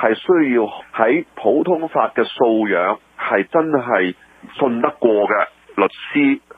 係需要喺普通法嘅素養，係真係信得過嘅律師。